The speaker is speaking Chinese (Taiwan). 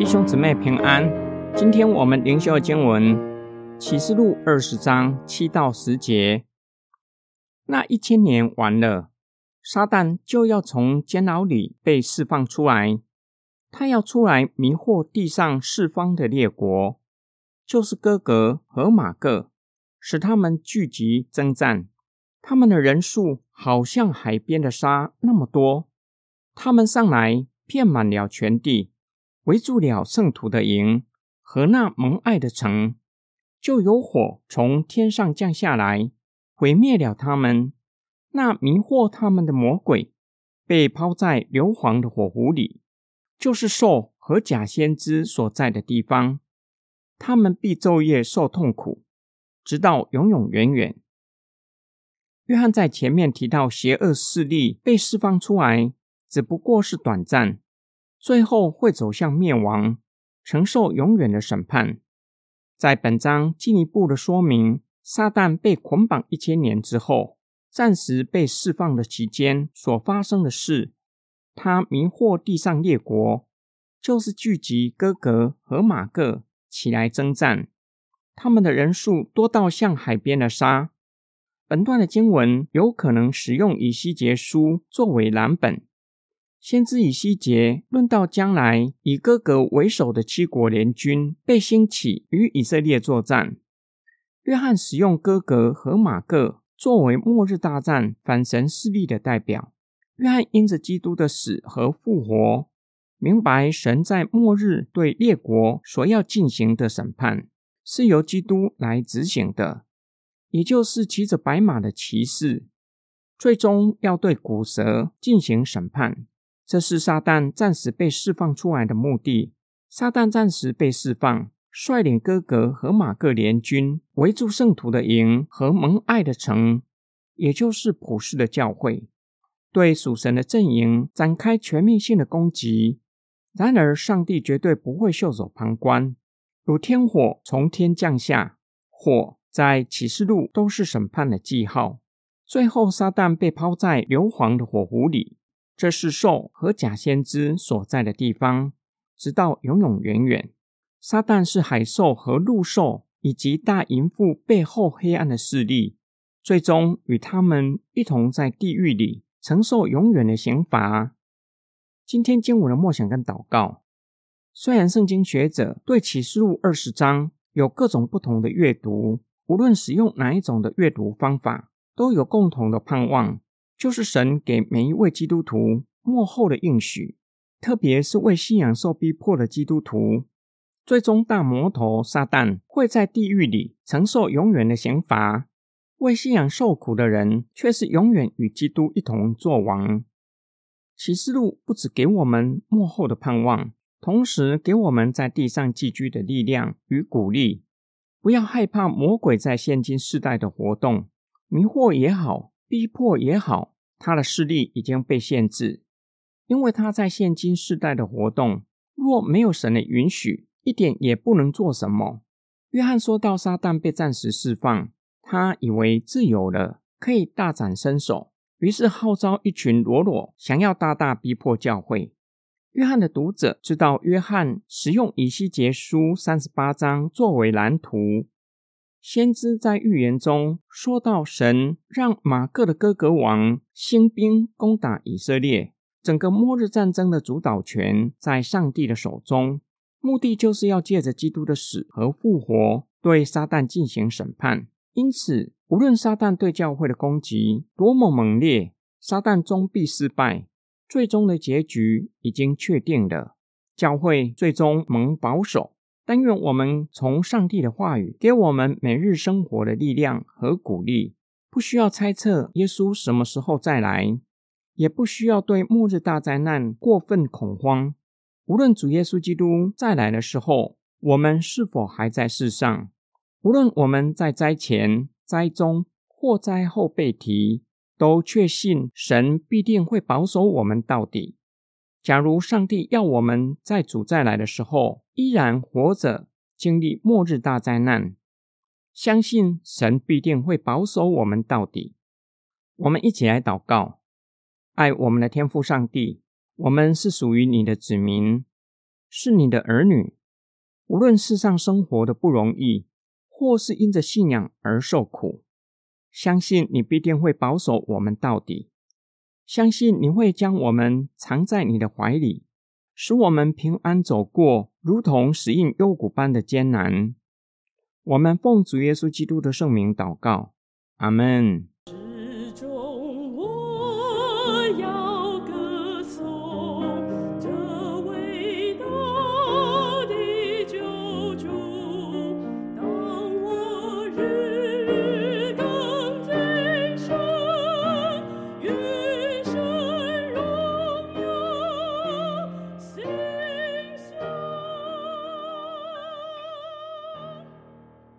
弟兄姊妹平安，今天我們靈修的經文《啟示錄》二十章七到十節。那一千年完了，撒但就要從監牢裡被釋放出來，他要出來迷惑地上四方的列國，就是歌革和瑪各，使他們聚集爭戰，他們的人數好像海邊的沙那麼多，他們上來遍滿了全地。圍住了聖徒的營和那蒙愛的城，就有火從天上降下來，毀滅了他們。那迷惑他們的魔鬼，被拋在硫磺的火湖裡，就是獸和假先知所在的地方。他們必晝夜受痛苦，直到永永遠遠。約翰在前面提到，邪惡勢力被釋放出來，只不過是短暫。最後會走向滅亡，承受永遠的審判。在本章進一步的說明，撒但被捆綁一千年之後，暫時被釋放的期間所發生的事。他迷惑地上列國，就是聚集歌革和瑪各起來爭戰，他們的人數多到像海邊的沙。本段的經文有可能使用以西結書作為藍本。先知以西結論到將來，以歌革為首的七國聯軍被興起與以色列作戰。約翰使用「歌革和瑪各」作為末日大戰反神勢力的代表。約翰因着基督的死和復活，明白神在末日對列國所要進行的審判是由基督來執行的，也就是騎着白馬的騎士，最終要對古蛇進行審判。這是撒但暫時被釋放出來的目的。撒但暫時被釋放，率領歌革和馬各聯軍，圍住聖徒的營和蒙愛的城，也就是普世的教會，對屬神的陣營展開全面性的攻擊。然而，上帝絕對不會袖手旁觀，如天火從天降下，火在啟示錄都是審判的記號。最後，撒但被拋在硫磺的火湖裡。這是獸和假先知所在的地方，直到永永遠遠。撒但是海獸和陸獸以及大淫婦背後黑暗的勢力，最終與他們一同在地獄裡承受永遠的刑罰。今天經文的默想跟禱告，雖然聖經學者對啟示錄二十章有各種不同的閱讀，無論使用哪一種的閱讀方法，都有共同的盼望，就是神給每一位基督徒末後的應許，特別是為信仰受逼迫的基督徒。最終，大魔頭撒但會在地獄裡承受永遠的刑罰；為信仰受苦的人，卻是永遠與基督一同作王。啟示錄不只給我們末後的盼望，同時給我們在地上寄居的力量與鼓勵。不要害怕魔鬼在現今世代的活動，迷惑也好，逼迫也好。他的勢力已經被限制，因為他在現今世代的活動，若沒有神的允許，一點也不能做什麼。約翰說到撒旦被暫時釋放，他以為自由了，可以大展身手，於是號召一群嘍囉，想要大大逼迫教會。約翰的讀者知道，約翰使用以西結書三十八章作為藍圖。先知在預言中說到，神讓瑪各的歌革王興兵攻打以色列，整個末日戰爭的主導權在上帝的手中，目的就是要借着基督的死和復活對撒旦進行審判。因此，無論撒旦對教會的攻擊多麼猛烈，撒旦終必失敗。最終的結局已經確定了，教會最終蒙保守。但願我們從上帝的話語，給我們每日生活的力量和鼓勵。不需要猜測耶穌什麼時候再來，也不需要對末日大災難過分恐慌。無論主耶穌基督再來的時候，我們是否還在世上；無論我們在災前、災中或災後被提，都確信神必定會保守我們到底。假如上帝要我們在主再來的時候依然活着，經歷末日大災難，相信神必定會保守我們到底。我們一起來禱告：愛我們的天父上帝，我們是屬於你的子民，是你的兒女。無論世上生活的不容易，或是因着信仰而受苦，相信你必定會保守我們到底。相信你會將我們藏在你的懷裡，使我們平安走過如同死蔭幽谷般的艱難。我們奉主耶穌基督的聖名禱告，阿門。